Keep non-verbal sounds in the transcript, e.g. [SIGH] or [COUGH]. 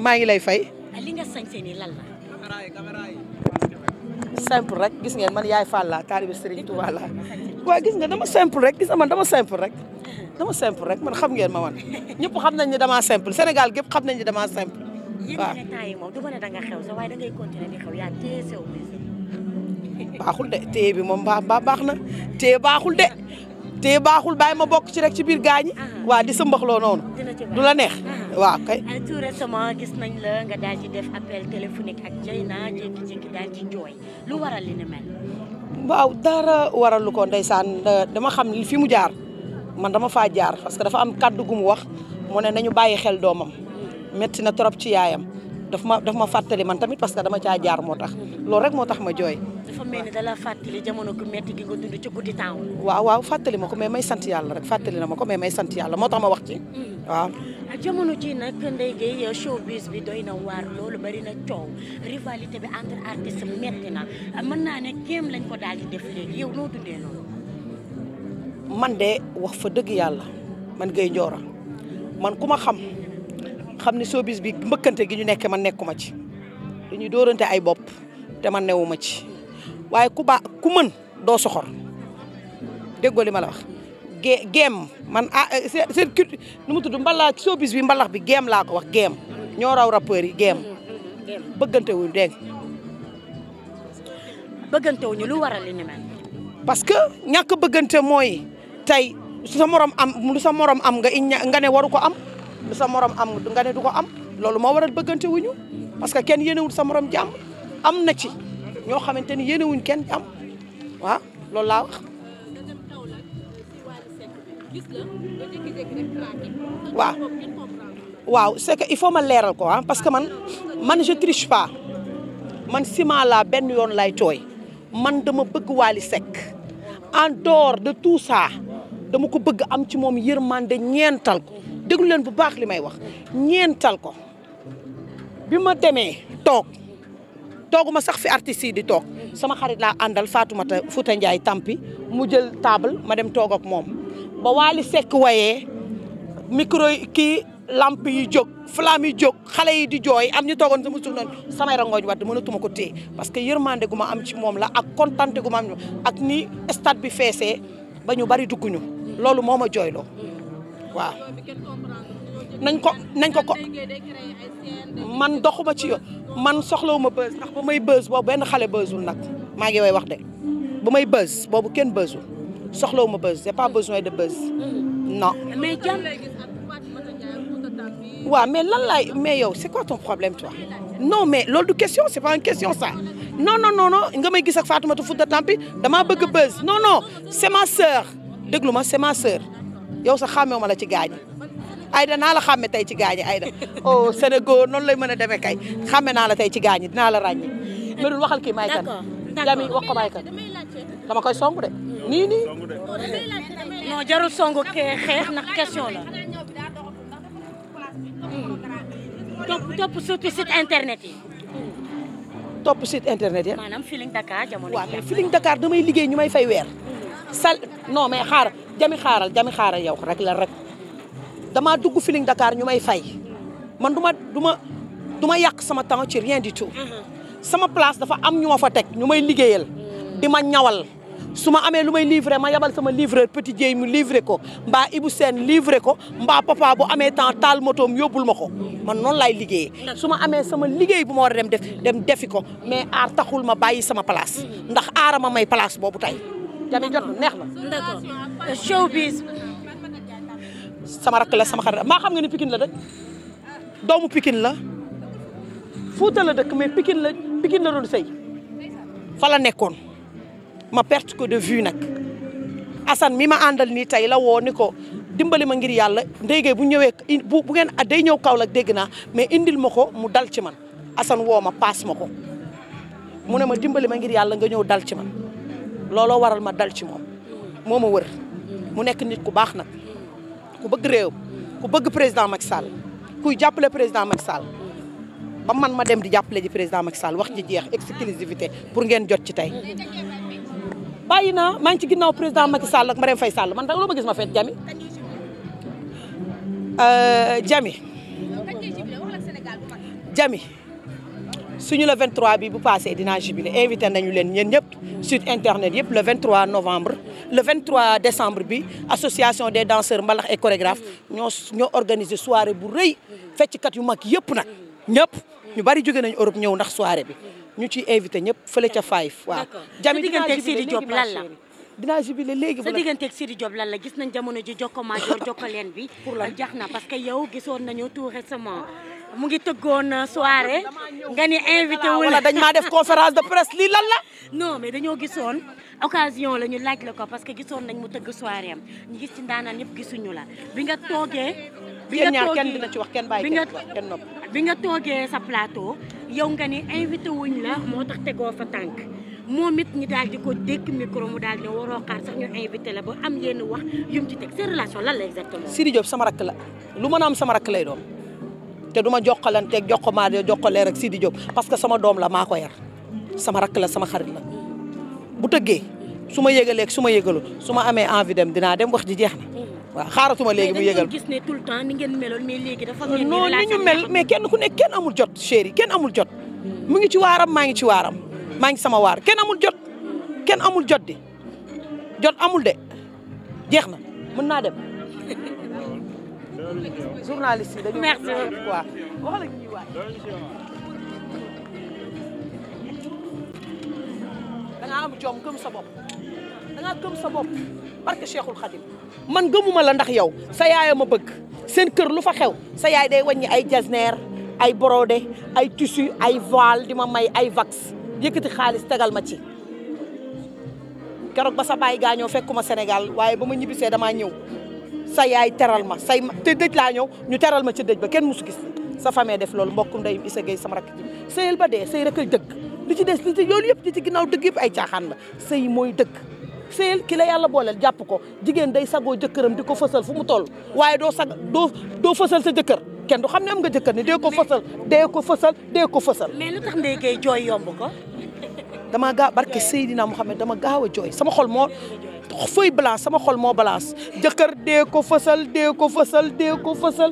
maa ngi lay fay. li nga sañse ni lan la. simple rek gis ngeen man yaay Fall laa taalibe Serigne Touba laa waaw gis nga dama simple rek gis nga dama simple rek dama simple rek man xam ngeen ma wan ñëpp xam nañ ne damaa simple Sénégal gépp xam nañ ne damaa simple. waaw yéen temps yi moom du ma ne da nga xew baaxul de téye bi moom baax baax na téye baaxul de téye baaxul bàyyi ma bokk ci rek ci biir gaañi ah. waa di sëmbaxloo noonu du la neex. Ah. waaw kay. tout gis nañ la nga daal di def appel ak Dieyna jékki-jékki daal di jooy lu waral li ni mel. waaw dara waralu ko ndeysaan dama xam fi mu jaar man dama faa jaar parce que dafa am kàddu gu mu wax mu ne nañu bàyyi xel doomam metti na trop ci yaayam daf ma daf ma fàttali man tamit parce que dama caa jaar moo tax loolu rek moo tax ma jooy. dafa mel ni dala fàttali jamono gu métti gi nga dund ci guddi temps. waaw waaw fàttali ma ko mais may sant yàlla rek fàttali na ma ko mais may sant yàlla moo tax ma wax ci. Mm. waaw. Ah, jamono ji nag Ndeye Gueye showbiz bi doy na waar loolu bari na coow rivalité bi entre artistes metti na ah, mën naa ne kéem lañ ko daal di def léegi yow noo dundee loolu. man de wax fa dëgg yàlla man gay Ndiora man ku ma xam xam ne showbiz bi mbëkkante gi ñu nekk man nekkuma ci dañuy doorante ay bopp te man newuma ci waaye ku ba ku doo soxor déggoo li ma la wax. géem man a se culture nu mu tudd mbalax showbiz bi mbalax bi géem laa ko wax geem ñoo raw rappeurs yi géem bëggante wuñu dégg bëggante wuñu lu waral li parce que ñàkk bëggante mooy tey su sa morom am lu sa morom am nga iñ nga ne waru ko am lu sa morom am nga ne du ko am loolu moo waral bëggante wuñu parce que kenn yéenewul sa morom jàmm am na ci ñoo xamante ni yéenewuñ kenn jàmm waaw loolu laa wax waaw waaw c'est que il faut ma leeral ko ah parce que man man je triche pas man ciment laa benn yoon lay tooy man dama bëgg waali Seck en door de tout ça dama ko bëgg am ci moom yërmande ñeental ko déglu leen bu baax li may wax ñeental ko bi ma demee toog tooguma sax fi artistes yi di toog sama xarit laa àndal Fatoumata Fouta Ndiaye tampi mu jël table ma dem toog moom ba Waly Seck wayee micro kii lamp yi jóg flamme yi jóg xale yi di jooy am ñu toogoon sama suuf noonu samay rangooñ wadd mënatuma ko téye parce que yërmande gu ma am ci moom la ak kontante gu ma am ak ni stade bi feesee ba ñu bari dugguñu loolu moo ma jooyloo waaw nañ ko nañ ko ko man doxuma ci yo man soxlawuma bës ndax ba may bës boobu benn xale bësul nag maa ngi way wax de ba may bës boobu kenn bësul soxlawuma buzz j'ai pas besoin de buzz mm. non mais waaw mais lan laay mais yow c'est quoi ton problème toi non mais loolu du question c'est pas une question ça non non non nga may gisa ak Fatoumata Fouta Tampi damaa bëgg buzz non non c'est ma sœur déglu ma c'est ma sœur yow sax xàmmewu ma la ci gaañi ayda naa la xàmme tey ci gaañi Aïda oh Sénégal noonu lay mën a demee kay xàmme naa la tey ci gaañi dinaa la ràññee. mais dul waxal kii kan. d'accord d'accord kan. dama koy song de nii nii. non jarul song kee xeex ndax question la. Hmm. topp topp surtout site internet yi. topp site internet yi. maanaam Feeling Dakar jamono waaw mais Feeling Dakar damay liggéey ñu may fay weer. Hmm. sal noo may xaar jami xaaral jami xaaral yow rek la rek damaa dugg Feeling Dakar ñu may fay man du ma du ma du yàq sama temps ci rien du tout. Hmm. sama place dafa am ñu ma fa teg ñu may liggéeyal di ma ñawal. su ma amee lu may livré ma yabal sama livreur petit jéey mu livré ko mbaa Ibou Sène livré ko mbaa papa bu amee temps taal motoom yóbbul ma ko man noonu laay liggéeyee su ma amee sama liggéey bu ma war a dem def dem defi ko mais aar taxul ma bàyyi sama place mm-hmm. ndax aara ma may place boobu tey tamit jot neex na d'accord euh, showbiz sama rakk la sama xarit maa xam nga ni Pikine la dëkk doomu Pikine la Fuuta la dëkk mais Pikine la Pikine la doon fa la nekkoon ma perte ko de vue nag Assane mi ma àndal nii tey la woo ni ko dimbali ma ngir yàlla ndéygee bu ñëwee bu bu ngeen ah, day ñëw Kaolack dégg na mais indil ma ko mu dal ci man Assane woo ma paas ma ko mu ne ma dimbali ma ngir yàlla nga ñëw dal ci man looloo waral ma dal ci moom moo ma wër mu nekk nit ku baax nag ku bëgg réew ku bëgg président Macky Sall kuy jàppale président Macky Sall ba man ma dem di jàppale ji président mak Sall wax ji jeex exclusivité pour ngeen jot ci tey bàyyi naa maa ngi ci ginnaaw président Macky Sall ak Marème Faye Sall man da loo ma gis ma fekk Jami. Euh, Jami. Jami suñu le 23 bi bu passé dinaa jubilé invité nañu leen ñeen ñëpp site internet yëpp le 23 novembre le 23 décembre bi association des danseurs mbalax et chorégraphes ñoo ñoo organisé soirée bu rëy fecckat yu mag yëpp nag ñëpp ñu bari jóge nañu Europe ñëw ndax soirée bi ñu ci invité ñëpp fële ca Five waaw jami dinaa jubile léegi. sa digganteeg Sidi Diop lan la gis nañ jamono ji Jokalante Jokalante bi. [COUGHS] pour lan jax na parce que yow gisoon nañu tout récemment mu ngi tëggoon euh, soirée nga ni invité wu la. dañ maa def [LAUGHS] conférence de presse lii lan la. non mais dañoo gisoon occasion la ñu laaj la ko parce que gisoon nañ mu tëgg soirée am ñu gis ci ndaanaan yëpp gisuñu la bi nga toogee. bi nga toogee kenn ñaar kenn dina ci wax kenn bàyyi kenn nopp bi nga toogee sa plateau yow nga ni invité wuñ la moo tax tegoo fa tànk moom it ñi daal di ko dékk micro mu daal di waroo xaar sax ñu invité la ba am yenn wax yum ci teg sa relation lan la exactement. Sidi Diop sama rakk la lu mën am sama rakk lay doom te duma ma jokkalanteeg jokko maa jokkalee rek Sidi Diop parce que sama doom la maako ko yar sama rakk la sama xarit la bu tëggee su ma yëgaleeg su ma yëgalu su ma amee envie dem dinaa dem wax ji jeex na. waaw xaaratuma léegi mu yëgal gis ne tout le temps ni ngeen meloon mais léegi dafa mel non ni ñu mel mais kenn ku nekk amul jot chéri kenn amul jot mu ngi ci waaram maa ngi ci waaram maa ngi sama waar kenn amul jot kenn amul jot di jot amul de jeex na mën naa dem [LAUGHS] journaliste yi da ngaa am jom gëm sa bopp da ngaa gëm sa man gëmuma la ndax yow sa yaaya ma bëgg seen kër lu fa xew sa yaay day wàññi ay jasneer ay brodé ay tissu ay voile di ma may ay vax yëkkati xaalis tegal ma ci keroog ba sa baay gaa gaañoo fekkuma Sénégal waaye ba ma ñibbisee damaa ñëw sa yaay teral ma say ma te dëj laa ñëw ñu teral ma ci dëj ba kenn musu gis sa famille def loolu mbokk ndey Issa Gueye sama rakk ji sëyal ba dee sëy rek ay dëgg li ci des li ci loolu yëpp li ci ginnaaw dëgg yëpp ay caaxaan la sëy mooy dëgg sëyal ki la yàlla booleel jàpp ko jigéen day sagoo jëkkëram di ko fasal fu mu toll waaye doo sag doo doo fësal sa jëkkër kenn du xam ne am nga jëkkër ni dee ko fësal dee ko fësal dee ko fësal mais lu yomb ko dama gaaw barke Seydina Mouhamed dama gaaw a jooy sama xol moo feuy balance sama xol moo balance jëkkër dee ko fësal dee ko fësal dee ko fësal